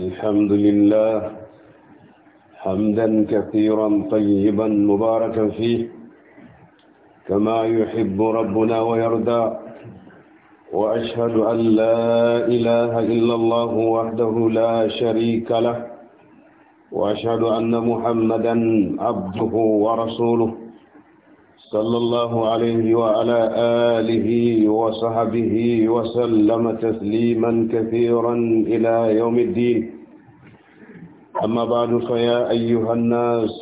الحمد لله حمدا كثيرا طيبا مباركا فيه كما يحب ربنا ويرضى وأشهد أن لا إله إلا الله وحده لا شريك له وأشهد أن محمدا عبده ورسوله صلى الله عليه وعلى آله وصحبه وسلم تسليما كثيرا إلى يوم الدين أما بعد فيا أيها الناس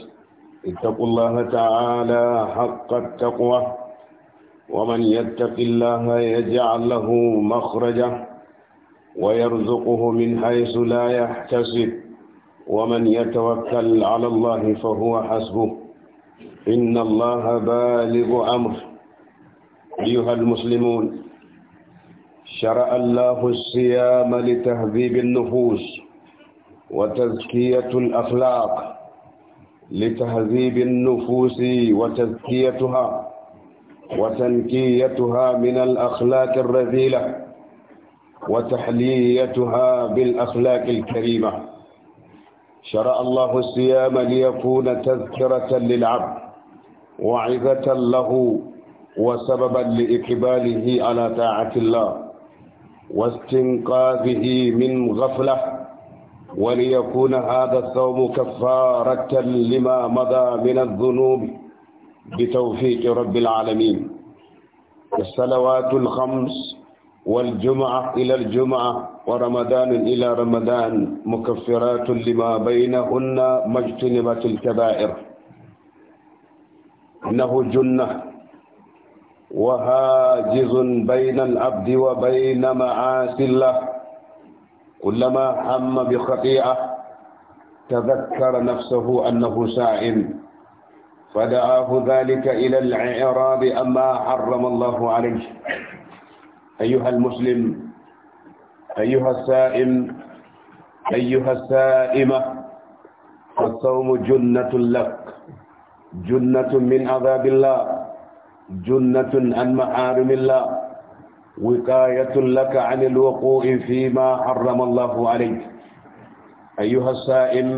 اتقوا الله تعالى حق التقوى ومن يتق الله يجعل له مخرجا ويرزقه من حيث لا يحتسب ومن يتوكل على الله فهو حسبه إن الله بالغ أمر أيها المسلمون شرع الله الصيام لتهذيب النفوس وتزكية الأخلاق لتهذيب النفوس وتزكيتها وتنكيتها من الأخلاق الرذيلة وتحليتها بالأخلاق الكريمة شرع الله الصيام ليكون تذكرة للعبد وعظة له وسببا لإقباله على طاعة الله واستنقاذه من غفلة وليكون هذا الصوم كفارة لما مضى من الذنوب بتوفيق رب العالمين الصلوات الخمس والجمعة إلى الجمعة ورمضان إلى رمضان مكفرات لما بينهن ما اجتنبت الكبائر إنه جنة وهاجز بين العبد وبين معاصي الله كلما هم بخطيئة تذكر نفسه أنه سائم فدعاه ذلك إلى الإعراب أما حرم الله عليه أيها المسلم أيها السائم أيها السائمة الصوم جنة لك جنة من عذاب الله جنة عن محارم الله وقاية لك عن الوقوع فيما حرم الله عليك أيها السائل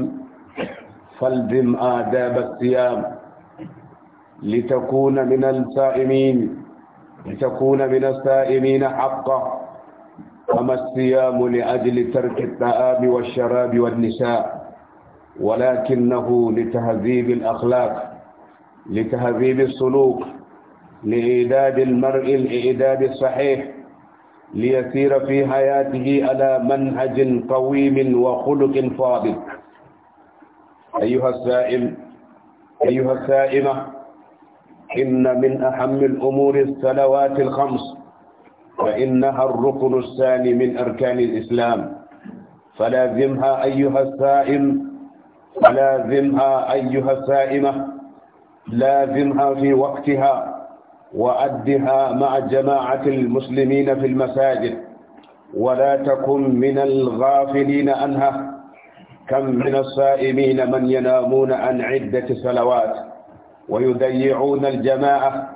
فالزم آداب الصيام لتكون من الصائمين لتكون من الصائمين حقا أما الصيام لأجل ترك الطعام والشراب والنساء ولكنه لتهذيب الأخلاق لتهذيب السلوك لإعداد المرء الإعداد الصحيح ليسير في حياته على منهج قويم وخلق فاضل أيها السائل أيها السائمة إن من أهم الأمور الصلوات الخمس فإنها الركن الثاني من أركان الإسلام فلازمها أيها السائم فلازمها أيها السائمة لازمها في وقتها وأدها مع جماعة المسلمين في المساجد ولا تكن من الغافلين عنها كم من الصائمين من ينامون عن عدة صلوات ويضيعون الجماعة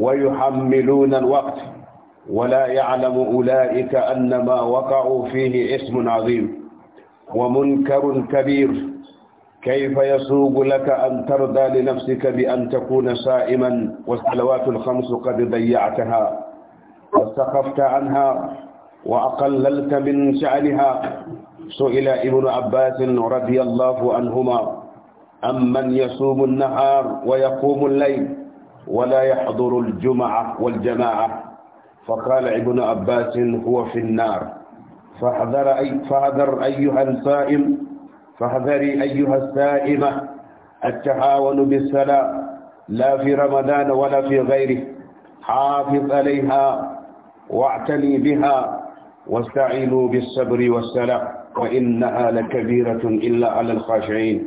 ويحملون الوقت ولا يعلم أولئك أن ما وقعوا فيه اسم عظيم ومنكر كبير كيف يسوق لك أن ترضى لنفسك بأن تكون سائما والصلوات الخمس قد ضيعتها واستخفت عنها وأقللت من شأنها سئل ابن عباس رضي الله عنهما أمن يصوم النهار ويقوم الليل ولا يحضر الجمعة والجماعة فقال ابن عباس هو في النار فاحذر أي فاحذر أيها الصائم فاحذري أيها السائمة التعاون بالصلاة لا في رمضان ولا في غيره حافظ عليها واعتني بها واستعينوا بالصبر والصلاة وإنها لكبيرة إلا على الخاشعين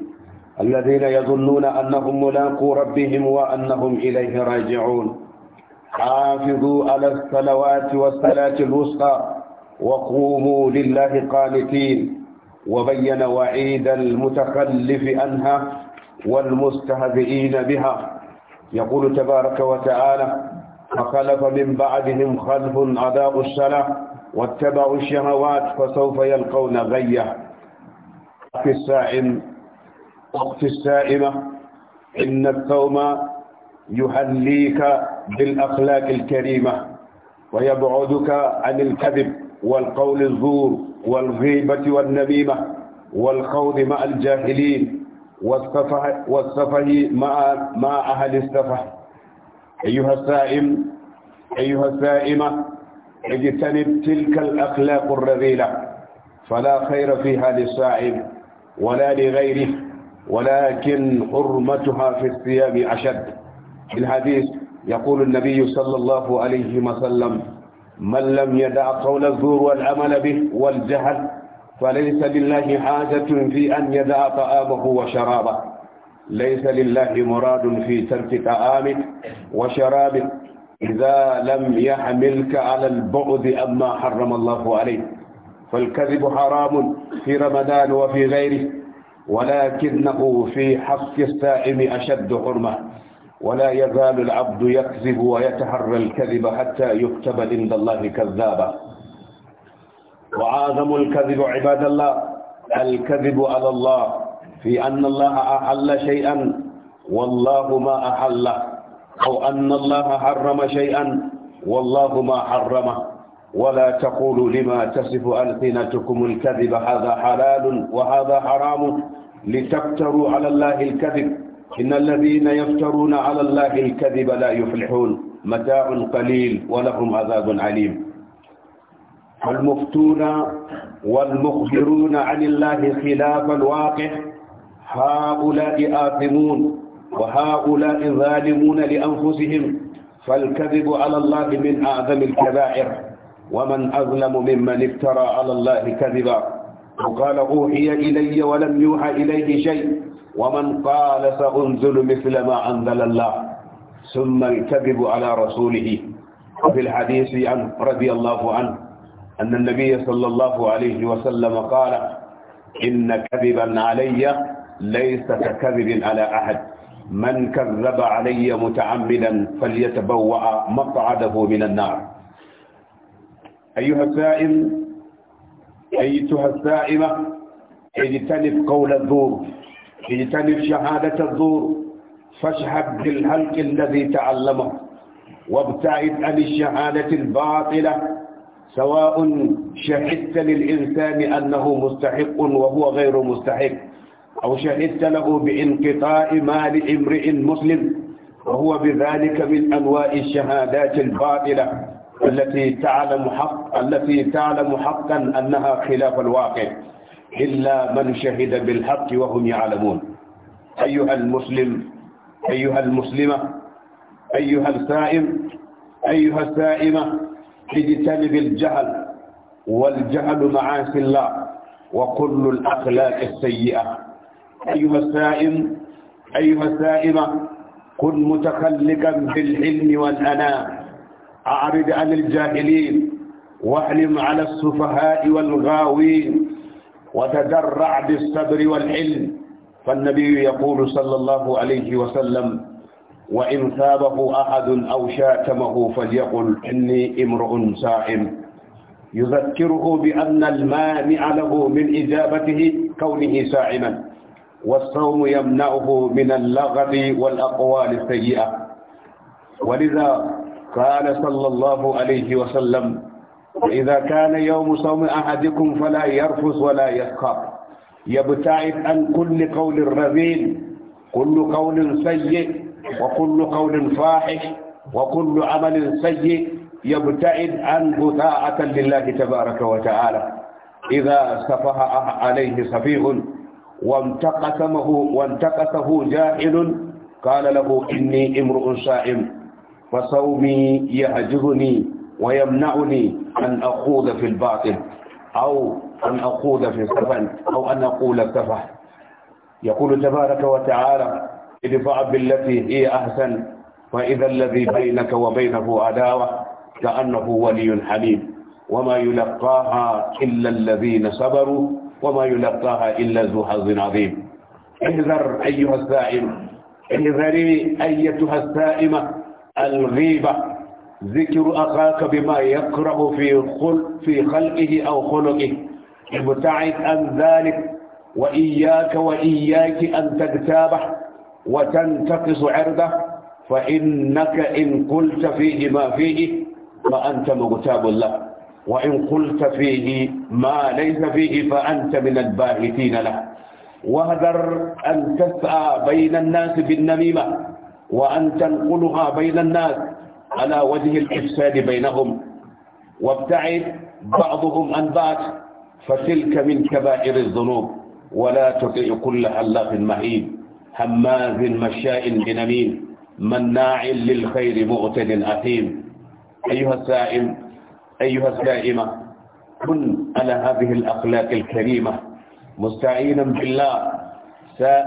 الذين يظنون أنهم ملاقو ربهم وأنهم إليه راجعون حافظوا على الصلوات والصلاة الوسطى وقوموا لله قانتين وبين وعيد المتخلف عنها والمستهزئين بها يقول تبارك وتعالى فخلف من بعدهم خلف أداء الصلاة واتبعوا الشهوات فسوف يلقون غيا في السائم وقت السائمة إن الثوم يهليك بالأخلاق الكريمة ويبعدك عن الكذب والقول الزور والغيبة والنميمة والخوض مع الجاهلين والسفه, والسفه مع, مع أهل السفه أيها السائم أيها السائمة اجتنب تلك الأخلاق الرذيلة فلا خير فيها للسائم ولا لغيره ولكن حرمتها في الثياب أشد في الحديث يقول النبي صلى الله عليه وسلم من لم يدع قول الزور والعمل به والجهل فليس لله حاجة في أن يدع طعامه وشرابه ليس لله مراد في ترك طعامك وشرابك إذا لم يحملك على البعد أما حرم الله عليه فالكذب حرام في رمضان وفي غيره ولكنه في حق السائم أشد حرمة ولا يزال العبد يكذب ويتحرى الكذب حتى يكتب عند الله كذابا وعظم الكذب عباد الله الكذب على الله في أن الله أحل شيئا والله ما أحله أو أن الله حرم شيئا والله ما حرمه ولا تقولوا لما تصف ألسنتكم الكذب هذا حلال وهذا حرام لتفتروا على الله الكذب إن الذين يفترون على الله الكذب لا يفلحون متاع قليل ولهم عذاب عليم المفتون والمخبرون عن الله خلاف الواقع هؤلاء آثمون وهؤلاء ظالمون لأنفسهم فالكذب على الله من أعظم الكبائر ومن أظلم ممن افترى على الله كذبا وقال أوحي إلي ولم يوحى إليه شيء ومن قال سأنزل مثل ما أنزل الله ثم الكذب على رسوله وفي الحديث عنه رضي الله عنه أن النبي صلى الله عليه وسلم قال إن كذبا علي ليس ككذب على أحد من كذب علي متعمدا فليتبوأ مقعده من النار أيها السائل أيتها السائمة اجتنب قول الزور اجتنب شهادة الزور فاشهد بالهلق الذي تعلمه وابتعد عن الشهادة الباطلة سواء شهدت للإنسان أنه مستحق وهو غير مستحق أو شهدت له بانقطاع مال امرئ مسلم وهو بذلك من أنواع الشهادات الباطلة التي تعلم حق التي تعلم حقا أنها خلاف الواقع إلا من شهد بالحق وهم يعلمون أيها المسلم أيها المسلمة أيها السائم أيها السائمة اجتنب الجهل والجهل معاصي الله وكل الأخلاق السيئة أيها السائم أيها السائمة كن متخلقا بالعلم والأناة أعرض عن الجاهلين واعلم على السفهاء والغاوين وتدرع بالصبر والعلم فالنبي يقول صلى الله عليه وسلم وإن ثابه أحد أو شاتمه فليقل إني امرؤ سائم يذكره بأن المانع له من إجابته كونه سائما والصوم يمنعه من اللغط والأقوال السيئة ولذا قال صلى الله عليه وسلم إذا كان يوم صوم أحدكم فلا يرفث ولا يسخر يبتعد عن كل قول رذيل كل قول سيء وكل قول فاحش وكل عمل سيء يبتعد عن بثاءة لله تبارك وتعالى إذا سفه عليه سفيه وانتقسمه وانتقسه جاهل قال له إني امرؤ صائم فصومي يعجبني ويمنعني أن أخوض في الباطل أو أن أخوض في السفن أو أن أقول السفح يقول تبارك وتعالى ادفع بالتي هي أحسن فإذا الذي بينك وبينه عداوة كأنه ولي حليم وما يلقاها إلا الذين صبروا وما يلقاها إلا ذو حظ عظيم احذر أيها السائم احذري أيتها السائمة الغيبة ذكر أخاك بما يكره في خل في خلقه أو خلقه ابتعد عن ذلك وإياك وإياك أن تغتابه وتنتقص عرضه فإنك إن قلت فيه ما فيه فأنت مغتاب له وإن قلت فيه ما ليس فيه فأنت من الباهتين له واهذر أن تسعى بين الناس بالنميمة وأن تنقلها بين الناس على وجه الإفساد بينهم وابتعد بعضهم عن بعض فتلك من كبائر الذنوب ولا تطع كل حلاق مهيب هماز مشاء بنميم مناع للخير معتد أثيم أيها السائم أيها السائمة كن على هذه الأخلاق الكريمة مستعينا بالله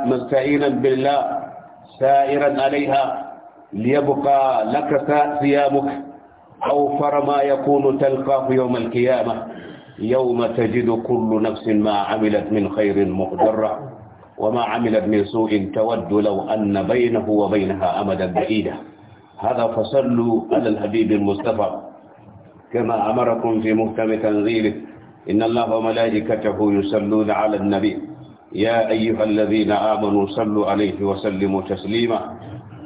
مستعينا بالله سائرا عليها ليبقى لك ثيابك أوفر ما يكون تلقاه يوم القيامة يوم تجد كل نفس ما عملت من خير مقدرة وما عملت من سوء تود لو أن بينه وبينها أمدا بعيدا هذا فصلوا على الحبيب المصطفى كما أمركم في مهتم تنزيله إن الله وملائكته يصلون على النبي يا أيها الذين آمنوا صلوا عليه وسلموا تسليما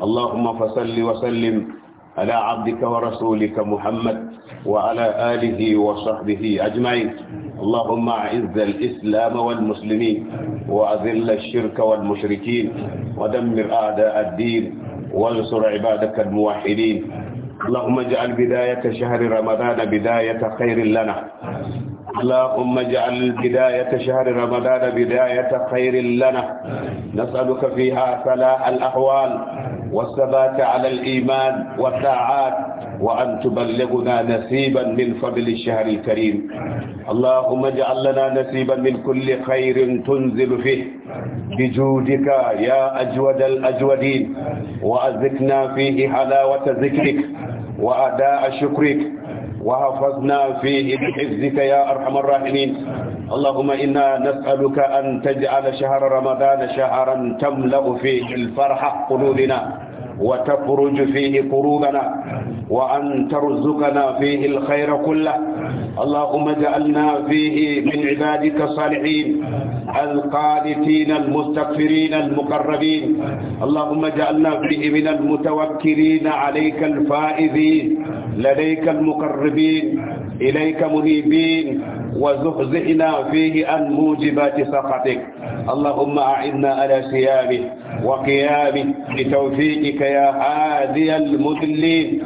اللهم فصل وسلم على عبدك ورسولك محمد وعلى آله وصحبه أجمعين اللهم أعز الإسلام والمسلمين وأذل الشرك والمشركين ودمر أعداء الدين وانصر عبادك الموحدين اللهم اجعل بداية شهر رمضان بداية خير لنا اللهم اجعل بداية شهر رمضان بداية خير لنا نسألك فيها فلاح الأحوال والثبات على الإيمان والطاعات وأن تبلغنا نصيبا من فضل الشهر الكريم اللهم اجعل لنا نصيبا من كل خير تنزل فيه بجودك يا أجود الأجودين وأذكنا فيه حلاوة ذكرك وأداء شكرك وحفظنا فيه بحفظك يا أرحم الراحمين اللهم إنا نسألك أن تجعل شهر رمضان شهرا تملأ فيه الفرح قلوبنا وتفرج فيه قلوبنا وأن ترزقنا فيه الخير كله اللهم اجعلنا فيه من عبادك الصالحين القانتين المستغفرين المقربين اللهم اجعلنا فيه من المتوكلين عليك الفائزين لديك المقربين إليك منيبين وزحزحنا فيه عن موجبات سخطك اللهم أعنا على صيامه وقيامه بتوفيقك يا هادي المذلين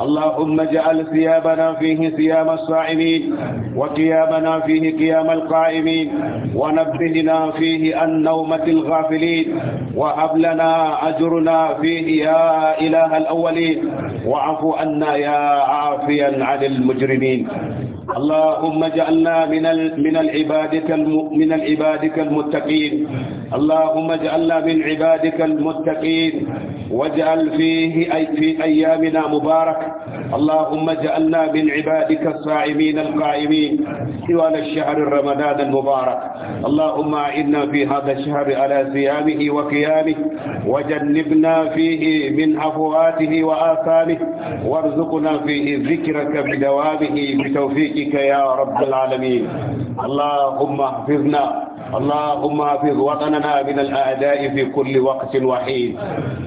اللهم اجعل ثيابنا فيه ثياب الصائمين وقيامنا فيه قيام القائمين ونبهنا فيه عن نومة الغافلين وهب لنا أجرنا فيه يا إله الأولين واعف عنا يا عافيا عن المجرمين اللهم اجعلنا من من العبادك من العبادك المتقين اللهم اجعلنا من عبادك المتقين واجعل فيه أي في ايامنا مبارك اللهم اجعلنا من عبادك الصائمين القائمين طوال الشهر الرمضان المبارك اللهم اعنا في هذا الشهر على صيامه وقيامه وجنبنا فيه من افواته واثامه وارزقنا فيه ذكرك بدوامه بتوفيقك يا رب العالمين اللهم احفظنا اللهم احفظ وطننا من الأعداء في كل وقت وحين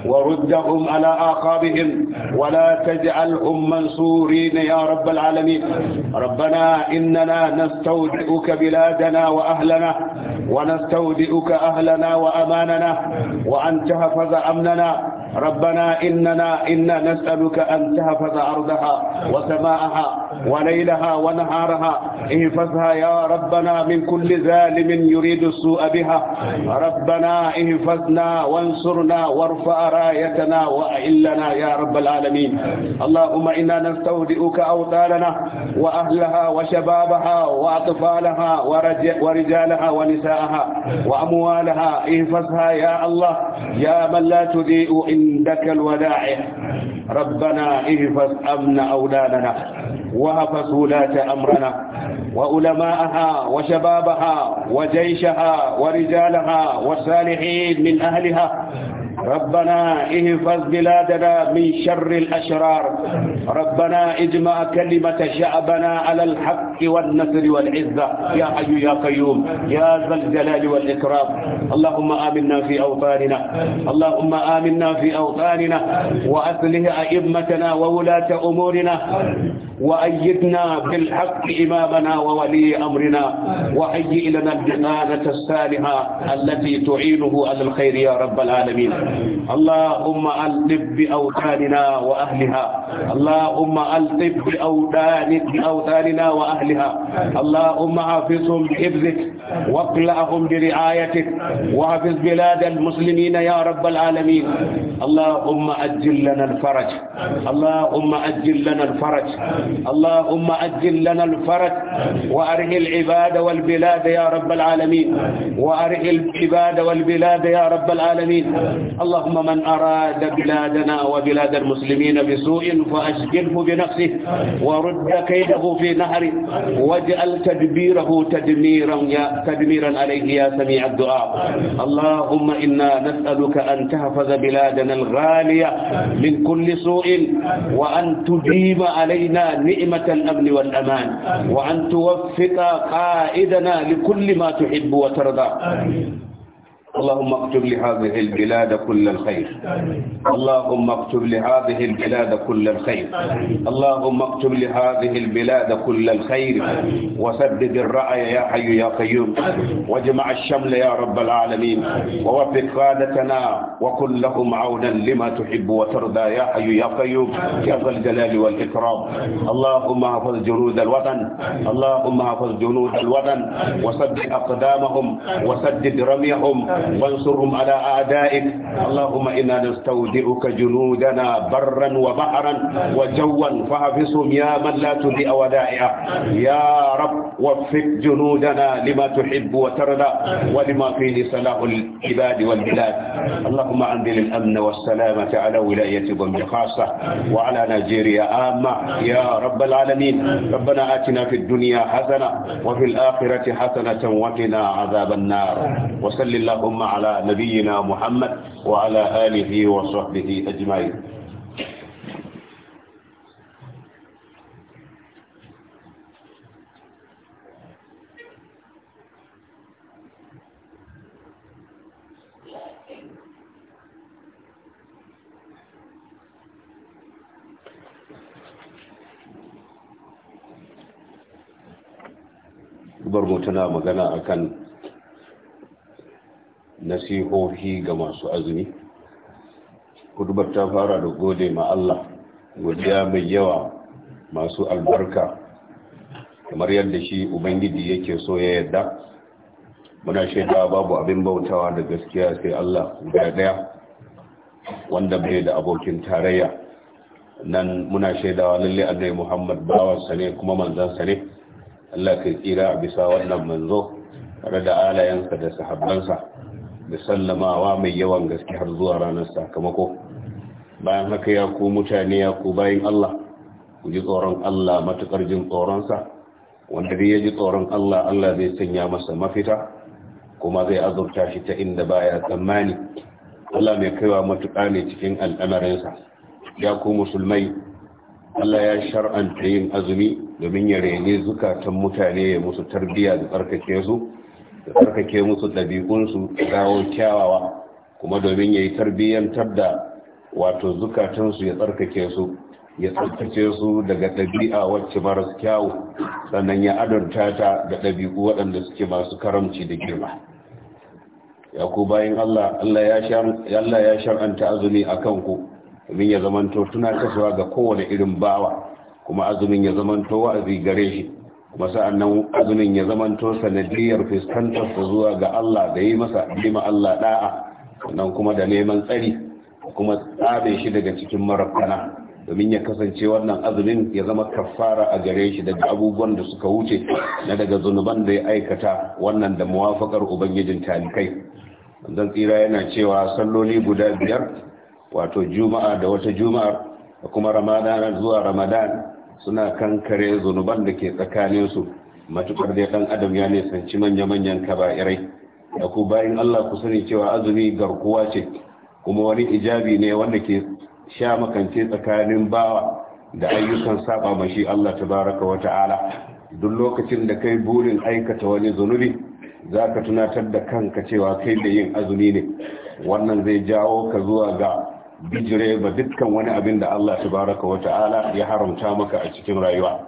وردهم على اعقابهم ولا تجعلهم منصورين يا رب العالمين ربنا إننا نستودعك بلادنا وأهلنا ونستودعك أهلنا وأماننا وأن تحفظ أمننا ربنا إننا إنا نسألك أن تحفظ أرضها وسماءها وليلها ونهارها احفظها يا ربنا من كل ظالم يريد السوء بها ربنا احفظنا وانصرنا وارفع رايتنا وأئلنا يا رب العالمين اللهم إنا نستودعك أوطاننا وأهلها وشبابها وأطفالها ورجالها ونساءها وأموالها احفظها يا الله يا من لا تضيء إن عندك الودائع ربنا احفظ أمن أولادنا وحفظ ولاة أمرنا وعلماءها وشبابها وجيشها ورجالها والصالحين من أهلها ربنا احفظ بلادنا من شر الأشرار ربنا اجمع كلمة شعبنا على الحق والنصر والعزة يا حي يا قيوم يا ذا الجلال والإكرام اللهم آمنا في أوطاننا اللهم آمنا في أوطاننا وأصلح أئمتنا وولاة أمورنا وأيدنا بالحق إمامنا وولي أمرنا وهيئ لنا الجنانة السالحة التي تعينه على الخير يا رب العالمين اللهم ألطف بأوتاننا وأهلها اللهم ألطف بأوتاننا وأهلها اللهم حافظهم بحفظك واقلعهم برعايتك وحفظ بلاد المسلمين يا رب العالمين اللهم أجل لنا الفرج اللهم أجل لنا الفرج اللهم أجل لنا الفرج وأرح العباد والبلاد يا رب العالمين وأرح العباد والبلاد يا رب العالمين اللهم من أراد بلادنا وبلاد المسلمين بسوء فأشغله بنفسه ورد كيده في نهره واجعل تدبيره تدميرا يا تدميرا عليه يا سميع الدعاء اللهم إنا نسألك أن تحفظ بلادنا بلادنا الغالية من كل سوء وأن تديم علينا نعمة الأمن والأمان وأن توفق قائدنا لكل ما تحب وترضى اللهم اكتب لهذه البلاد كل الخير اللهم اكتب لهذه البلاد كل الخير اللهم اكتب لهذه البلاد كل الخير وسدد الرأي يا حي يا قيوم واجمع الشمل يا رب العالمين ووفق قادتنا وكلهم عونا لما تحب وترضى يا حي يا قيوم يا ذا الجلال والإكرام اللهم احفظ جنود الوطن اللهم احفظ جنود الوطن وسدد أقدامهم وسدد رميهم وانصرهم على أعدائك اللهم إنا نستودعك جنودنا برا وبحرا وجوا فحفظهم يا من لا تضيء ودائعه يا رب وفق جنودنا لما تحب وترضى ولما فيه صلاح العباد والبلاد اللهم أنزل الأمن والسلامة على ولاية بومي خاصة وعلى نيجيريا عامة يا رب العالمين ربنا آتنا في الدنيا حسنة وفي الآخرة حسنة وقنا عذاب النار وصل اللهم اللهم على نبينا محمد وعلى آله وصحبه أجمعين bar mu akan nasihohi ga masu azumi kudubar ta fara da gode ma Allah godiya mai yawa masu albarka kamar yadda shi ubangiji yake so ya yadda muna shaida babu abin bautawa da gaskiya sai Allah guda daya wanda bai da abokin tarayya nan muna shaidawa lalle annabi Muhammad bawansa ne kuma manzansa ne Allah kai tsira bisa wannan manzo tare da alayansa da sahabbansa da sallamawa mai yawan gaske har zuwa ranar sakamako bayan haka ya ku mutane ya ku bayin Allah ku ji tsoron Allah matukar jin tsoronsa wanda zai ya ji tsoron Allah Allah zai sanya masa mafita kuma zai azurta shi ta inda baya tsammani Allah mai kaiwa matuƙa ne cikin al'amarinsa ya ku musulmai Allah ya shar'anta yin azumi domin ya rene zukatan mutane ya musu tarbiyya da tsarkake su da tsarkake musu ɗabi'unsu dawo kyawawa kuma domin ya yi tarbiyyantar da wato zukatansu ya tsarkake su ya tsarkace su daga ɗabi'a wacce marasu kyawu sannan ya adurta ta da ɗabi'u waɗanda suke masu karamci da girma ya ku bayan Allah Allah ya shar'anta azumi a kanku domin ya zamanto tunatarwa ga kowane irin bawa kuma azumin ya zamanto wa'azi gare shi Masa'annan annan azumin ya zamanto sanadiyar fuskantar su zuwa ga Allah da yi masa bima Allah da'a sannan kuma da neman tsari kuma tsabe shi daga cikin marakana domin ya kasance wannan azumin ya zama kafara a gare shi daga abubuwan da suka wuce na daga zunuban da ya aikata wannan da muwafakar ubangijin talikai zan tsira yana cewa salloli guda biyar wato juma'a da wata juma'ar da kuma ramadana zuwa ramadan suna kankare zunuban da ke tsakaninsu matukar dai ɗan adam ya nisanci manya-manyan kaba'irai da ku bayan Allah ku sani cewa azumi garkuwa ce kuma wani ijabi ne wanda ke sha makance tsakanin bawa da ayyukan saba mashi Allah baraka wa ta'ala duk lokacin da kai burin aikata wani zunubi za ka tunatar da kanka cewa kai da yin azumi ne wannan zai jawo ka zuwa ga bijire ba dukkan wani abin da Allah baraka wa ta'ala ya haramta maka a cikin rayuwa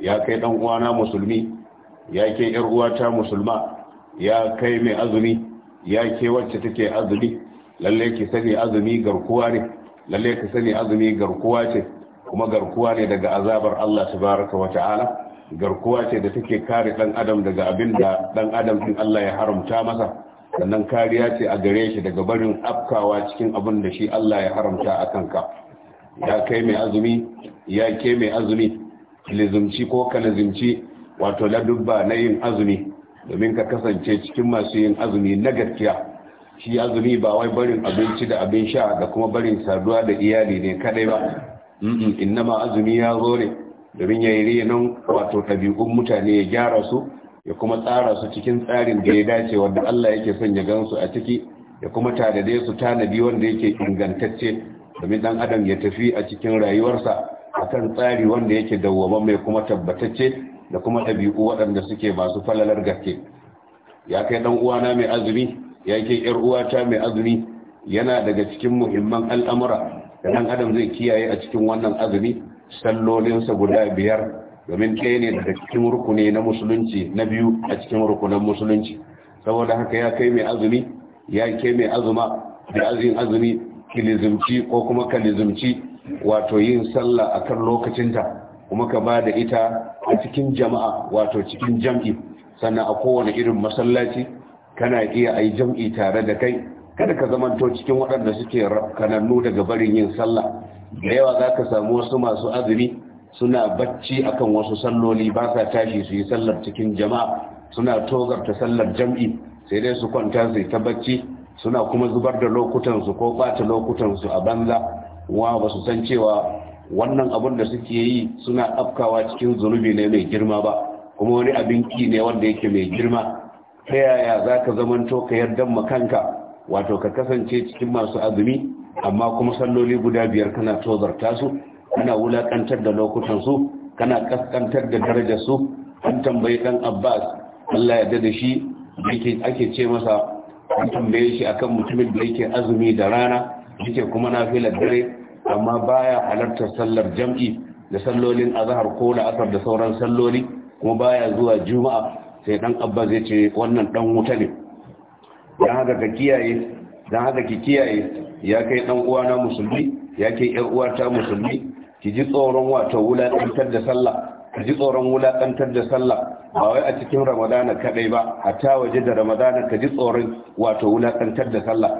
ya kai dan uwana musulmi ya ke yar uwata musulma ya kai mai azumi ya ke wacce take azumi lalle ki sani azumi garkuwa ne lalle ki sani azumi garkuwa ce kuma garkuwa ne daga azabar Allah baraka wa ta'ala garkuwa ce da take kare dan adam daga abin da dan adam din Allah ya haramta masa sannan kariya ce a gare shi daga barin afkawa cikin abin da shi Allah ya haramta a kanka ya kai mai azumi ya ke mai azumi lizumci ko kalazimci wato ladubba na yin azumi domin ka kasance cikin masu yin azumi na gaskiya shi azumi ba wai barin abinci da abin sha da kuma barin saduwa da iyali ne kadai ba ma azumi ya zo ne domin ya yi rinan wato ɗabi'un mutane ya gyara su ya kuma tsara su cikin tsarin da ya dace wanda Allah yake son ya gansu a ciki ya kuma tadade su tanadi wanda yake ingantacce domin dan adam ya tafi a cikin rayuwarsa akan tsari wanda yake dawwama mai kuma tabbatacce da kuma ɗabi'u waɗanda suke masu falalar gaske ya kai dan uwana mai azumi ya kai yar uwata mai azumi yana daga cikin muhimman al'amura da dan adam zai kiyaye a cikin wannan azumi sallolinsa guda biyar domin ɗaya ne daga cikin rukuni na musulunci na biyu a cikin rukunan musulunci saboda haka ya kai mai azumi ya kai mai azuma da azin azumi kilizimci ko kuma kalizimci wato yin sallah a kan lokacinta kuma ka ba da ita a cikin jama'a wato cikin jam'i sannan a kowane irin masallaci kana iya a yi jam'i tare da kai kada ka zamanto cikin waɗanda suke kanannu daga barin yin sallah da yawa za ka samu wasu masu azumi suna bacci akan wasu salloli ba sa tashi su yi sallar cikin jama'a suna togarta sallar jam'i sai dai su kwanta su ta bacci suna kuma zubar da lokutansu ko lokutan su a banza wa ba su san cewa wannan abun da suke yi suna afkawa cikin zunubi ne mai girma ba kuma wani abin ki ne wanda yake mai girma ta yaya za ka zamanto ka yardan kanka, wato ka kasance cikin masu azumi amma kuma salloli guda biyar kana tozarta su kana wulakantar da lokutan su kana kaskantar da darajar su an tambayi dan Abbas Allah ya dade shi yake ake ce masa an tambaye shi akan mutumin da yake azumi da rana yake kuma nafilar dare amma baya halartar sallar jam'i da sallolin azhar ko asar da sauran salloli kuma baya zuwa juma'a sai dan Abbas ya ce wannan dan wuta ne dan haka ka kiyaye dan haka ki kiyaye ya kai dan uwana musulmi ya kai uwa uwata musulmi ki ji tsoron wato wulaƙantar da sallah ki ji tsoron wulaƙantar da sallah ba wai a cikin ramadana kaɗai ba ta waje da ramadana ka ji tsoron wato wulaƙantar da sallah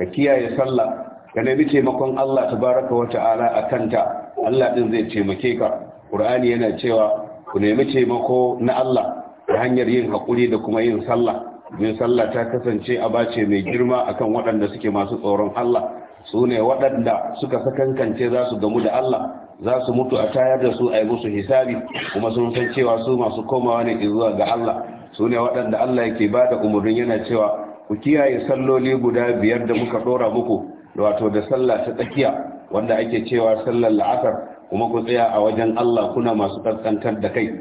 ka kiyaye sallah ka nemi taimakon Allah tabaraka wa ta'ala a kanta Allah ɗin zai taimake ka ƙur'ani yana cewa ku nemi taimako na Allah ta hanyar yin haƙuri da kuma yin sallah domin sallah ta kasance a bace mai girma akan waɗanda suke masu tsoron Allah su ne waɗanda suka sakankance za su gamu da Allah za su mutu a tayar da su a yi musu hisabi kuma sun san cewa su masu komawa ne izuwa ga Allah su ne waɗanda Allah yake ba da umarnin yana cewa ku kiyaye salloli guda biyar da muka ɗora muku da wato da sallah ta tsakiya wanda ake cewa sallar la'asar kuma ku tsaya a wajen Allah kuna masu kaskantar da kai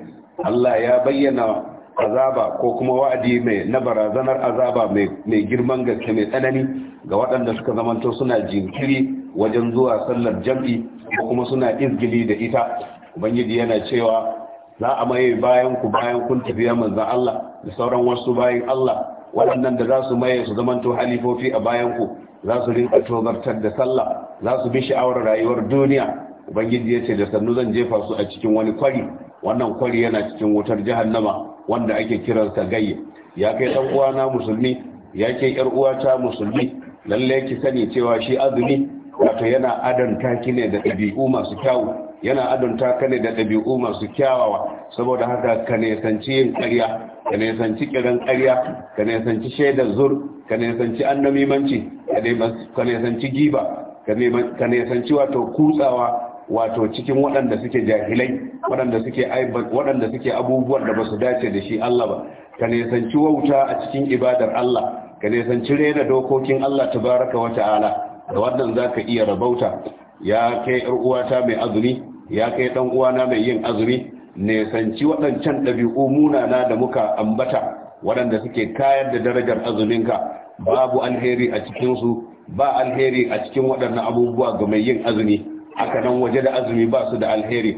Allah ya bayyana azaba ko kuma wa'adi mai na barazanar azaba mai girman gaske mai tsanani ga waɗanda suka zamanto suna jinkiri wajen zuwa sallar jam'i kuma suna izgili da ita ubangiji yana cewa za a maye bayan ku bayan kun tafiya manzan Allah da sauran wasu bayan Allah waɗannan da za su maye su zamanto halifofi a bayan ku za su rinka tobartar da sallah za su bi sha'awar rayuwar duniya ubangiji ya ce da sannu zan jefa su a cikin wani kwari wannan kwari yana cikin wutar jahannama wanda ake kiransa gayya ya kai dan uwana musulmi ya kai yar uwata musulmi lalle ki sani cewa shi azumi wato yana adanta ki ne da ɗabi'u masu kyawu yana adanta ka ne da ɗabi'u masu kyawawa saboda haka ka nesanci yin ƙarya ka nesanci kiran ƙarya ka nesanci shaidar zur ka nesanci mimanci, ka nesanci giba ka nesanci wato kutsawa wato cikin waɗanda suke jahilai waɗanda suke waɗanda suke abubuwan da ba su dace da shi Allah ba ka nesanci wauta a cikin ibadar Allah ka nesanci rena dokokin Allah tabaraka wa ta'ala da wannan za ka iya rabauta ya kai uwata mai azumi ya kai ɗan uwana mai yin azumi nesanci waɗancan ɗabi'u muna na da muka ambata waɗanda suke kayan da darajar azuminka babu alheri a cikinsu ba alheri a cikin waɗannan abubuwa ga mai yin azumi haka nan waje da azumi ba su da alheri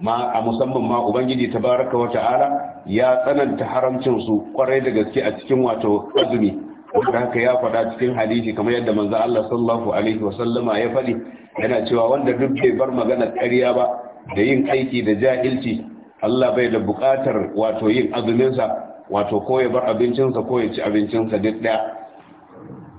ma a musamman ma ubangiji tabaraka wa ta'ala ya tsananta haramcin su kwarai da gaske a cikin wato azumi wanda haka ya faɗa cikin hadisi kamar yadda manzo Allah sallallahu alaihi wa sallama ya faɗi yana cewa wanda duk bai bar maganar ƙarya ba da yin aiki da jahilci Allah bai da buƙatar wato yin azumin wato ko ya bar abincinsa ko ya ci abincinsa sa duk ɗaya.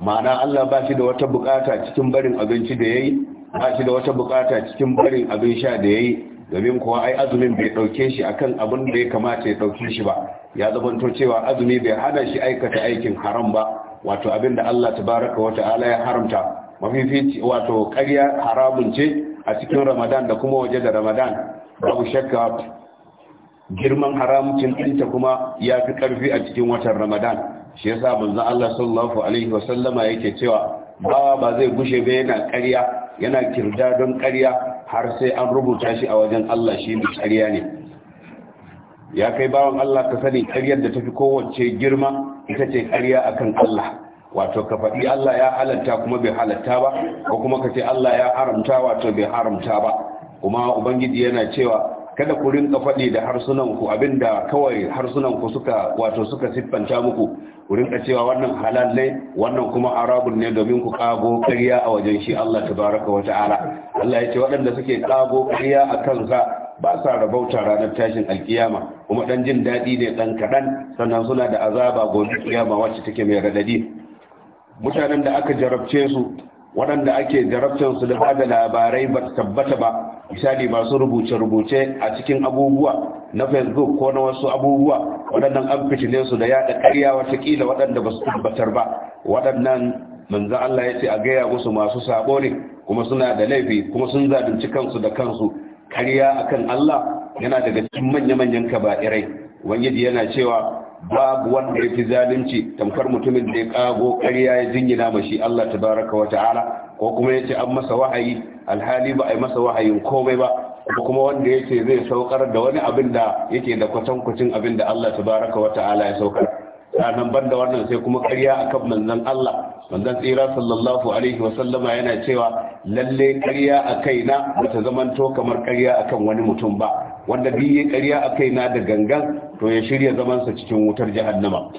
ma'ana Allah ba shi da wata buƙata cikin barin abinci da yayi ba shi da wata buƙata cikin barin abin sha da yayi domin kuwa ai azumin bai dauke shi akan abin da ya kamata ya dauke shi ba ya zabanto cewa azumi bai hana shi aikata aikin haram ba wato abin da Allah tabaraka wa ta'ala ya haramta mafifici wato ƙarya haramun ce a cikin Ramadan da kuma waje da Ramadan babu shakka girman haramcin ɗinta kuma ya fi ƙarfi a cikin watan Ramadan shi yasa manzo Allah sallallahu alaihi wa sallama yake cewa ba ba zai gushe ba yana ƙarya yana kirda don ƙarya har sai an rubuta shi a wajen Allah shi mai ƙarya ne ya kai bawan Allah ka sani ƙaryar da tafi kowace girma ita ce ƙarya akan Allah wato ka faɗi Allah ya halatta kuma bai halatta ba ko kuma ka ce Allah ya haramta wato bai haramta ba kuma ubangiji yana cewa kada ku rinka faɗi da harsunanku abinda kawai harsunanku suka wato suka siffanta muku ku rinka cewa wannan halal ne wannan kuma arabun ne domin ku kago ƙarya a wajen shi Allah tabaraka wa ta'ala Allah ya ce waɗanda suke kago ƙarya a kansa ba sa rabauta ranar tashin alkiyama kuma dan jin daɗi ne dan kaɗan sannan suna da azaba gobe kiyama wacce take mai raɗaɗi mutanen da aka jarabce su waɗanda ake jarabtar su da bada labarai ba tabbata ba misali masu rubuce-rubuce a cikin abubuwa na facebook ko na wasu abubuwa waɗannan an fitile su da yaɗa ƙarya watakila waɗanda ba su tabbatar ba waɗannan manzo Allah ya ce a gaya musu masu sabo ne kuma suna da laifi kuma sun zalunci kansu da kansu karya akan Allah yana daga cikin manya-manyan kaba'irai ubangiji yana cewa babu wanda yake zalunci tamkar mutumin da ya kago ƙarya ya jingina mashi Allah baraka wa ta'ala ko kuma yace an masa wahayi alhali ba a yi masa wahayin komai ba ko kuma wanda yace zai saukar da wani abin da yake da kwatankwacin abin da Allah baraka wa ta'ala ya saukar ban da wannan sai kuma ƙarya akan manzon Allah manzon tsira sallallahu alaihi wa sallama yana cewa lalle ƙarya a kaina bata zamanto kamar ƙarya akan wani mutum ba wanda duk yayi ƙarya a kaina da gangan to ya shirya zaman sa cikin wutar jahannama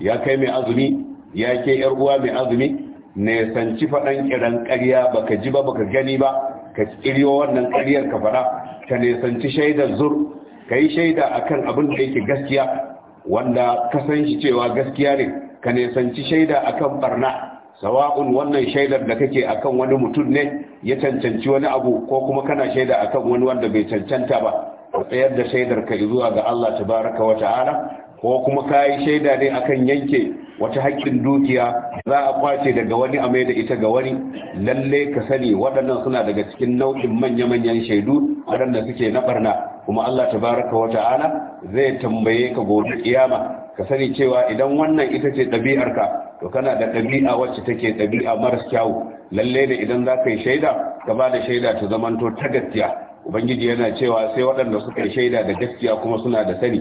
ya kai mai azumi ya ke yar uwa mai azumi ne sanci faɗan kiran ƙarya baka ji ba baka gani ba ka tsiriyo wannan ƙaryar ka faɗa ka ne sanci shaidar zur ka yi shaida akan abin da yake gaskiya wanda ka san shi cewa gaskiya ne ka nesanci shaida akan barna sawa'un wannan shaidar da kake akan wani mutum ne ya cancanci wani abu ko kuma kana shaida akan wani wanda bai cancanta ba ka tsayar da shaidar ka zuwa ga Allah tabaraka wa ta'ala ko kuma ka yi shaida ne akan yanke wata haƙƙin dukiya za a kwace daga wani a da ita ga wani lalle ka sani waɗannan suna daga cikin nau'in manya-manyan shaidu waɗanda suke na barna kuma Allah ta baraka wa ta'ala zai tambaye ka gobe kiyama ka sani cewa idan wannan ita ce ɗabi'arka to kana da ɗabi'a wacce take ɗabi'a maras kyawu lalle ne idan za ka yi shaida ka ba da shaida ta zamanto ta gaskiya ubangiji yana cewa sai waɗanda suka yi shaida da gaskiya kuma suna da sani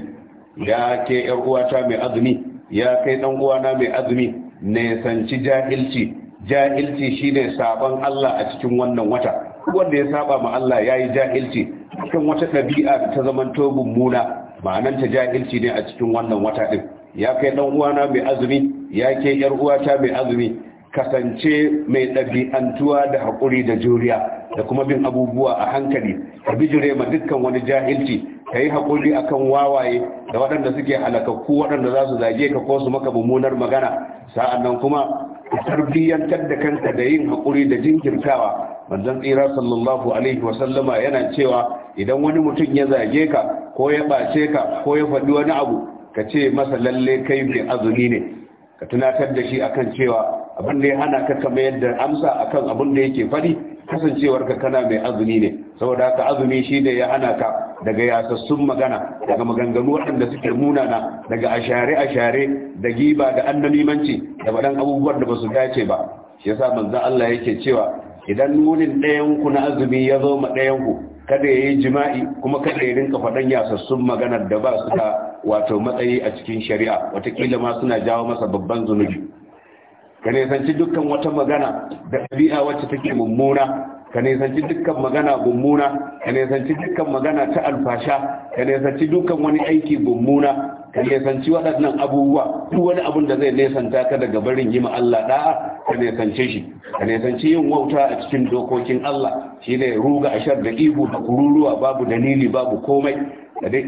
ya ke yar uwata mai azumi ya kai ɗan uwana mai azumi nesanci jahilci jahilci shine sabon Allah a cikin wannan wata wanda ya saba ma Allah yayi jahilci cikin wata ɗabi'a da ta zamanto mummuna ma'ananta jahilci ne a cikin wannan wata ɗin. ya kai ɗan uwana mai azumi ya ke yar uwata mai azumi kasance mai ɗabi'antuwa da haƙuri da juriya da kuma bin abubuwa a hankali ka bijire ma dukkan wani jahilci ka yi haƙuri akan wawaye da waɗanda suke halakakku waɗanda za su zage ka ko su maka mummunar magana nan kuma tarbiyyantar da kanka da yin haƙuri da jinkirtawa manzon tsira sallallahu alaihi wasallama yana cewa idan wani mutum ya zage ka ko ya ɓace ka ko ya faɗi wani abu ka ce masa lalle kai mai azumi ne ka tunatar da shi akan cewa abin da ya hana ka kama yadda amsa akan abin da yake fari, kasancewar ka kana mai azumi ne saboda haka azumi shi ne ya hana ka daga yasassun magana daga maganganu waɗanda suke munana daga ashare ashare da giba da annamimanci da faɗan abubuwan da ba su dace ba shi yasa manzon Allah yake cewa idan nunin ɗayan ku na azumi ya zo ma ɗayan ku kada ya yi jima'i kuma kada ya rinka faɗan yasassun maganar da ba su da wato matsayi a cikin shari'a watakila ma suna jawo masa babban zunubi ka nisanci dukkan wata magana da ɗabi'a wacce take mummuna ka nisanci dukkan magana gummuna ka nisanci dukkan magana ta alfasha ka nisanci dukkan wani aiki gummuna ka nesanci waɗannan abubuwa duk wani abun da zai nesanta ka daga barin yi Allah da'a ka nesance shi ka nesanci yin wauta a cikin dokokin Allah shi ne ruga shar da ihu da kururuwa babu dalili babu komai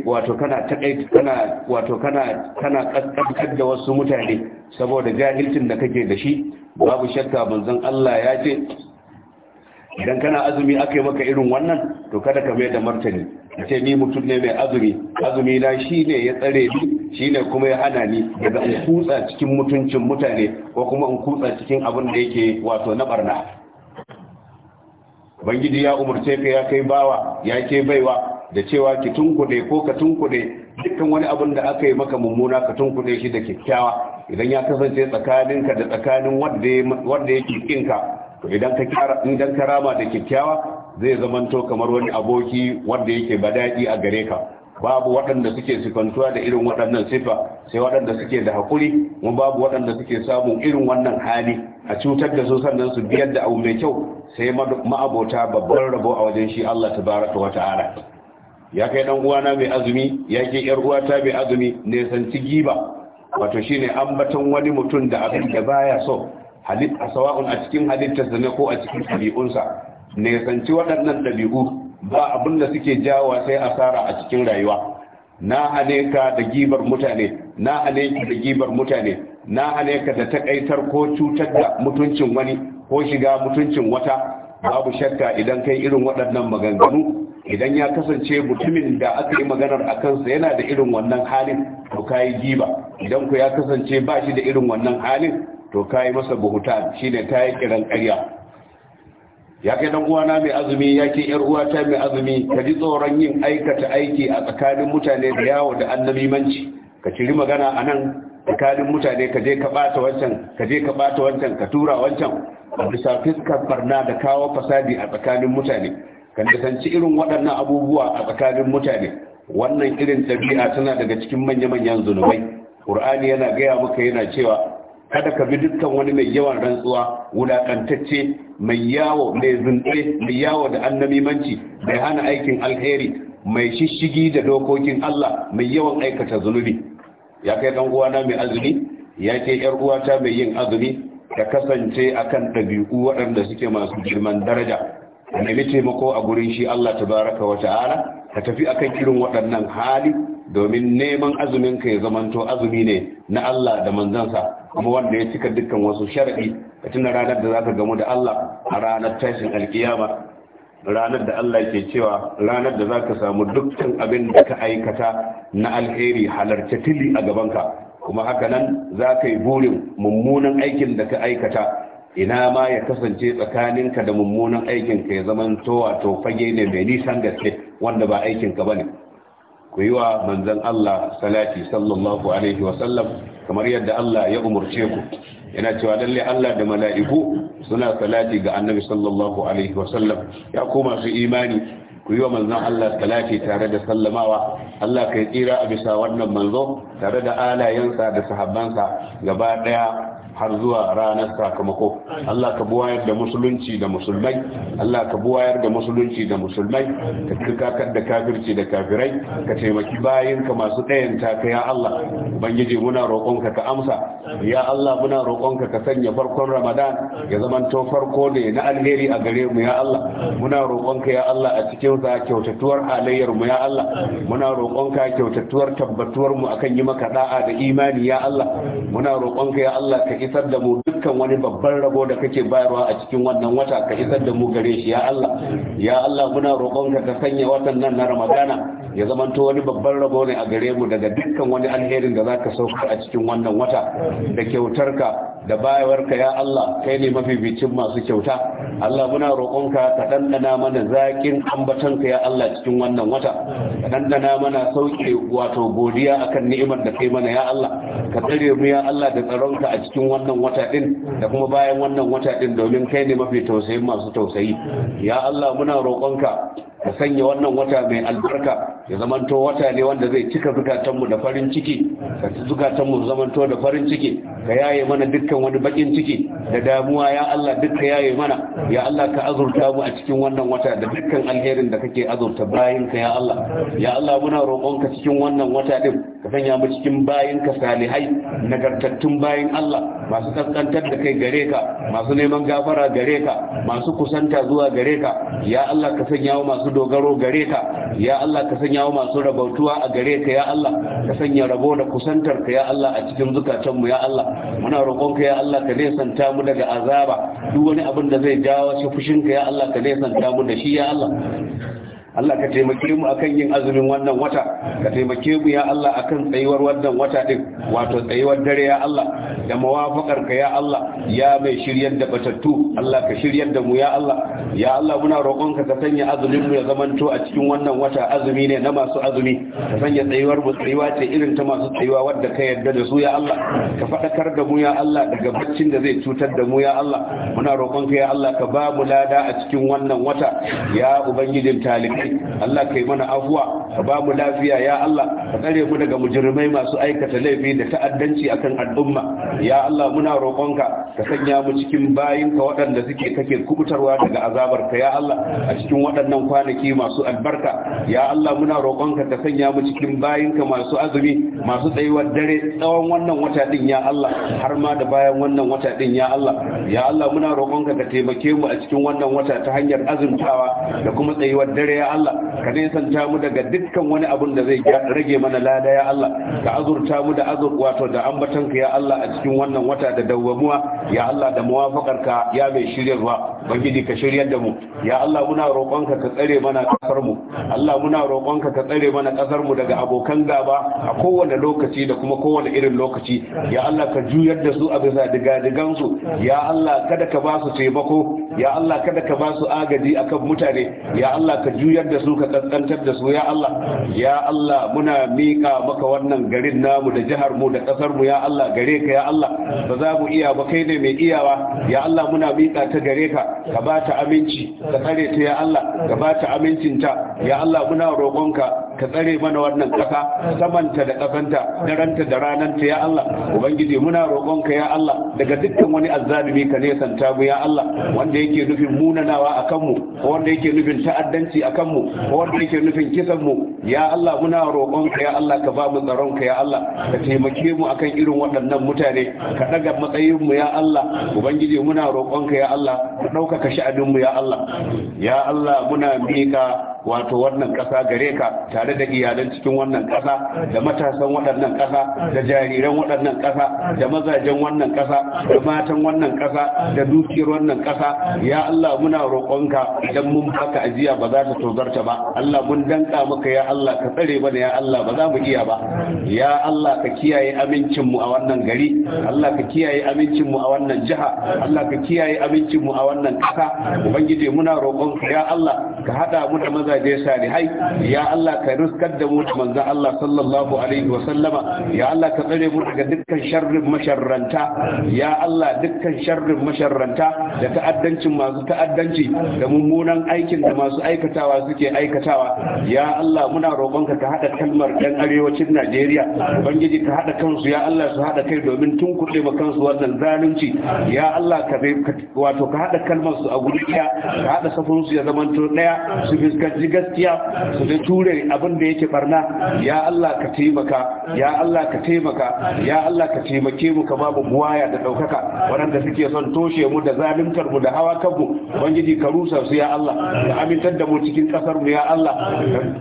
wato kana takaita kana wato kana kana da wasu mutane saboda jahilcin da kake da shi babu shakka manzon Allah ya ce idan kana azumi aka yi maka irin wannan to kada ka mai da martani ce ni mutum ne mai azumi azumi na shi ne ya tsare ni shine kuma ya hana ni daga in kutsa cikin mutuncin mutane ko kuma in kutsa cikin abin da yake wato na barna bangiji ya umarce ka ya kai bawa ya ke baiwa da cewa ki tunkude ko ka tunkude dukkan wani abin da aka yi maka mummuna ka tunkude shi da kyakkyawa idan ya kasance tsakaninka da tsakanin wanda ke kinka to idan ka rama da kyakkyawa zai zamanto kamar wani aboki wanda yake daɗi a gare ka babu waɗanda suke sifantuwa da irin waɗannan sifa sai waɗanda suke da haƙuri mu babu waɗanda suke samun irin wannan hali a cutar da su sannan su biyar da abu mai kyau sai ma'abota babban rabo a wajen shi Allah ta baraka wa ta'ala ya kai dan uwana mai azumi ya ke yar uwata mai azumi ne sanci giba wato shine ambaton wani mutum da abin da baya so halitta sawa'un a cikin halittarsa ne ko a cikin ɗabi'unsa ne waɗannan ɗabi'u ba abin da suke jawo sai asara a cikin rayuwa na aneka da gibar mutane na aneka da gibar mutane na aneka da takaitar ko cutar da mutuncin wani ko shiga mutuncin wata babu shakka idan kai irin waɗannan maganganu idan ya kasance mutumin da aka yi maganar a kansa yana da irin wannan halin to ka yi giba idan ku ya kasance ba shi da irin wannan halin to ka yi masa buhuta Shi ne ta yi kiran ƙarya ya kai dan uwana mai azumi ya ke yar uwata mai azumi ka ji tsoron yin aikata aiki a tsakanin mutane da yawo da annabimanci ka ciri magana a nan tsakanin mutane ka je ka bata wancan ka je ka bata wancan ka tura wancan a bisa fiskar barna da kawo fasadi a tsakanin mutane ka nisanci irin waɗannan abubuwa a tsakanin mutane wannan irin ɗabi'a tana daga cikin manya-manyan zunubai ƙur'ani yana gaya maka yana cewa kada ka bi dukkan wani mai yawan rantsuwa wulakantacce mai yawo mai zunɗe mai yawo da annamimanci mai hana aikin alheri mai shishigi da dokokin Allah mai yawan aikata zunubi ya kai dan uwana mai azumi ya ke yar uwata mai yin azumi ta kasance akan ɗabi'u waɗanda suke masu girman daraja A nemi taimako a gurin shi Allah ta baraka wa ta'ala ka tafi akan irin waɗannan hali domin neman azumin ka ya zamanto azumi ne na Allah da manzansa kuma wanda ya cika dukkan wasu sharadi ka tuna ranar da zaka gamu da Allah a ranar tashin alkiyama ranar da Allah ke cewa ranar da zaka samu dukkan abin da ka aikata na alheri halarci tili a gabanka kuma haka nan za ka yi burin mummunan aikin da ka aikata ina ma ya kasance tsakaninka da mummunan aikin ka ya zaman to wato fage ne mai nisan gaske wanda ba aikin ka bane ku yi wa manzon Allah salati sallallahu alaihi wa sallam kamar yadda Allah ya umurce ku yana cewa lalle Allah da mala'iku suna salati ga annabi sallallahu alaihi wa sallam ya koma su imani ku yi wa manzon Allah salati tare da sallamawa Allah kai tsira a bisa wannan manzo tare da alayensa da sahabbansa gaba daya har zuwa ranar sakamako Allah ka wayar da musulunci da musulmai Allah ka wayar da musulunci da musulmai ka kirkakar da kafirci da kafirai ka taimaki bayinka masu ɗayan ka ya Allah ubangiji muna roƙonka ka amsa ya Allah muna roƙonka ka sanya farkon Ramadan ya zama to farko ne na alheri a gare mu ya Allah muna roƙonka ya Allah a cikin sa kyautatuwar halayyar mu ya Allah muna roƙonka kyautatuwar tabbatuwar mu akan yi maka da'a da imani ya Allah muna roƙonka ya Allah ka isar da mu dukkan wani babban rabo da kake bayarwa a cikin wannan wata ka isar da mu gare shi ya Allah ya Allah muna roƙonka ka sanya watan nan na Ramadana ya zamanto wani babban rabo ne a gare mu daga dukkan wani alherin da zaka sauka a cikin wannan wata da kyautar ka. da ka ya Allah kai ne mafificin masu kyauta Allah muna roƙonka ka dandana mana zaƙin ambatanka ya Allah cikin wannan wata ka dandana mana sauƙi wato godiya akan ni'imar da kai mana ya Allah ka tsare mu ya Allah da tsaronka a cikin wannan wata ɗin, da kuma bayan wannan wata ɗin domin kai ne mafi tausayin masu tausayi ya Allah muna roƙonka ka sanya wannan wata mai albarka ya zamanto wata ne wanda zai cika zukatanmu da farin ciki ka zukatanmu zamanto da farin ciki ka yaye mana dukkan cikin wani bakin ciki da damuwa ya Allah dukka yaye mana ya Allah ka azurta mu a cikin wannan wata da dukkan alherin da kake azurta bayinka ya Allah ya Allah muna roƙonka cikin wannan wata din ka sanya mu cikin bayinka salihai nagartattun bayin Allah masu kaskantar da kai gare ka masu neman gafara gare ka masu kusanta zuwa gare ka ya Allah ka sanya mu masu dogaro gare ka ya Allah ka sanya mu masu rabautuwa a gare ka ya Allah ka sanya rabo da kusantar ka ya Allah a cikin zukatanmu ya Allah muna roƙonka ya Allah ka nesanta mu daga azaba duk wani abin da zai jawo shi fushinka ya Allah ka nesanta mu da shi ya Allah Allah ka taimake mu akan yin azumin wannan wata ka taimake mu ya Allah akan tsayuwar wannan wata din wato tsayuwar dare ya Allah da mawafakar ka ya Allah ya mai shiryar da batattu Allah ka shiryar da mu ya Allah ya Allah muna roƙon ka ka sanya azumin mu ya zamanto a cikin wannan wata azumi ne na masu azumi ka sanya tsayuwar mu tsayuwa ce irin ta masu tsayuwa wadda ka yarda da su ya Allah ka faɗakar da mu ya Allah daga baccin da zai cutar da mu ya Allah muna roƙon ka ya Allah ka ba mu lada a cikin wannan wata ya ubangijin talibai alkhairi Allah kai mana afuwa ka ba mu lafiya ya Allah ka tsare mu daga mujrimai masu aikata laifi da ta'addanci akan al'umma ya Allah muna roƙonka ka sanya mu cikin ka waɗanda suke kake kubutarwa daga azabarka ya Allah a cikin waɗannan kwanaki masu albarka ya Allah muna roƙonka ka sanya mu cikin ka masu azumi masu tsayuwar dare tsawon wannan wata din ya Allah har ma da bayan wannan wata din ya Allah ya Allah muna roƙonka ka taimake mu a cikin wannan wata ta hanyar azumtawa da kuma tsayuwar dare ya Allah ka nisanta mu daga dukkan wani abun da zai rage mana lada ya Allah ka azurta mu da azur wato da ambatanka ya Allah a cikin wannan wata da dawwamuwa ya Allah da ka ya mai shiryarwa bangiji ka shiryar da mu ya Allah muna roƙonka ka tsare mana kasar mu Allah muna roƙonka ka tsare mana kasar mu daga abokan gaba a kowane lokaci da kuma kowane irin lokaci ya Allah ka juyar da su a bisa digadigan su ya Allah kada ka ba su taimako ya Allah kada ka ba su agaji akan mutane ya Allah ka juyar kaskantar da su ka kaskantar da su ya Allah ya Allah muna miƙa maka wannan garin namu da jihar mu da ƙasar mu ya Allah gare ka ya Allah ba za mu iya ba kai ne mai iyawa ya Allah muna miƙa ta gare ka ka ba ta aminci ka tsare ta ya Allah ka ba ta amincinta ya Allah muna roƙonka ka tsare mana wannan ƙasa samanta da ƙasanta daranta da rananta ya Allah ubangiji muna roƙonka ya Allah daga dukkan wani azzalumi ka ne nesanta mu ya Allah wanda yake nufin munanawa a kanmu ko wanda yake nufin ta'addanci a kanmu ko wanda yake nufin kisan mu ya Allah muna roƙonka ya Allah ka ba mu tsaronka ya Allah ka taimake mu akan irin waɗannan mutane ka daga matsayin mu ya Allah ubangiji muna roƙonka ya Allah ka ɗaukaka sha'anin mu ya Allah ya Allah muna miƙa wato wannan ƙasa gare ka tare da iyalan cikin wannan ƙasa da matasan waɗannan ƙasa da jariran waɗannan ƙasa da mazajen wannan ƙasa da matan wannan ƙasa da dukiyar wannan ƙasa ya Allah muna roƙonka idan mun baka ajiya ba za ta tozarta ba Allah mun danka maka ya Allah ka tsare mana ya Allah ba za mu iya ba ya Allah ka kiyaye amincin mu a wannan gari Allah ka kiyaye amincin mu a wannan jiha Allah ka kiyaye amincin mu a wannan ƙasa ubangiji muna roƙonka ya Allah ka hada mu da mazaje salihai ya Allah ka ka ruskar da mu da Allah sallallahu alaihi wa ya Allah ka tsare mu daga dukkan sharrin masharranta ya Allah dukkan sharrin masharranta da ta'addancin masu ta'addanci da mummunan aikin da masu aikatawa suke aikatawa ya Allah muna roƙonka ka haɗa kalmar ɗan arewacin Najeriya ubangiji ka haɗa kansu ya Allah su haɗa kai domin tun kuɗe ma kansu wannan zalunci ya Allah ka wato ka haɗa kalmar su a guri ɗaya ka haɗa safunsu ya zamanto ɗaya su fuskanci gaskiya su da ture abin abin da yake barna ya Allah ka taimaka ya Allah ka taimaka ya Allah ka taimake mu ka babu buwaya da daukaka waɗanda suke son toshe mu da zalimtar mu da hawa kanmu ubangiji ka rusa su ya Allah ka amintar da mu cikin kasar mu ya Allah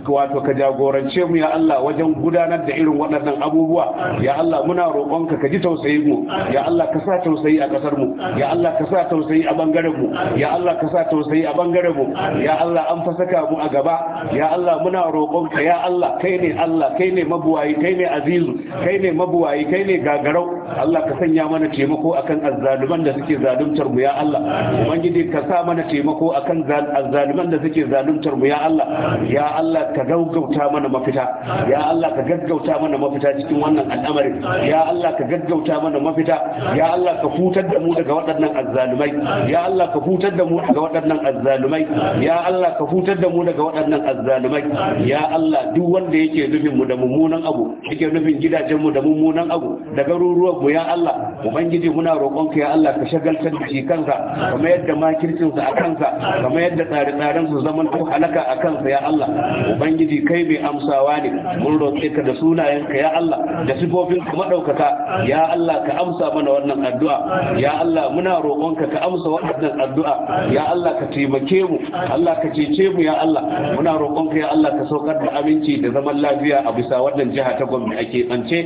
wato ka jagorance mu ya Allah wajen gudanar da irin waɗannan abubuwa ya Allah muna roƙonka ka ji tausayin mu ya Allah ka sa tausayi a kasar mu ya Allah ka sa tausayi a bangaren mu ya Allah ka sa tausayi a bangaren mu ya Allah an fasaka mu a gaba ya Allah muna roƙonka ka ya Allah kai ne Allah kai ne mabuwayi kai ne azizu kai ne mabuwayi kai ne gagarau Allah ka sanya mana taimako akan azzaluman da suke zaluntar mu ya Allah ubangiji ka sa mana taimako akan azzaluman da suke zaluntar mu ya Allah ya Allah ka gaggauta mana mafita ya Allah ka gaggauta mana mafita cikin wannan al'amari ya Allah ka gaggauta mana mafita ya Allah ka hutar da mu daga waɗannan azzalumai ya Allah ka hutar da mu daga waɗannan azzalumai ya Allah ka hutar da mu daga waɗannan azzalumai ya Allah Allah duk wanda yake nufin mu da mummunan abu yake nufin gidajen mu da mummunan abu da garuruwan mu ya Allah ubangiji muna roƙon ka ya Allah ka shagaltar da shi kansa kamar yadda makircin sa a kansa kamar yadda tsare-tsaren su zaman ko halaka a kansa ya Allah ubangiji kai mai amsawa ne mun roƙe ka da sunayen ka ya Allah da sifofin ka madaukaka ya Allah ka amsa mana wannan addu'a ya Allah muna roƙon ka ka amsa wannan addu'a ya Allah ka taimake mu Allah ka cece mu ya Allah muna roƙon ka ya Allah ka saukar da aminci da zaman lafiya a bisa wannan jiha ta gwamnati ake tsance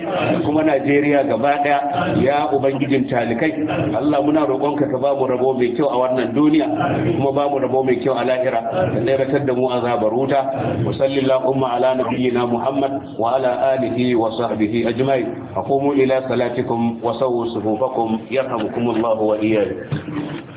kuma Najeriya gaba daya ya ubangijin talikai Allah muna roƙonka ka ba mu rabo mai kyau a wannan duniya kuma ba mu rabo mai kyau a lahira ka tsayar da mu azabar wuta wa sallallahu ala nabiyyina Muhammad wa ala alihi wa sahbihi ajma'in aqumu ila salatikum wa sawu sufufakum yarhamukumullahu wa iyyakum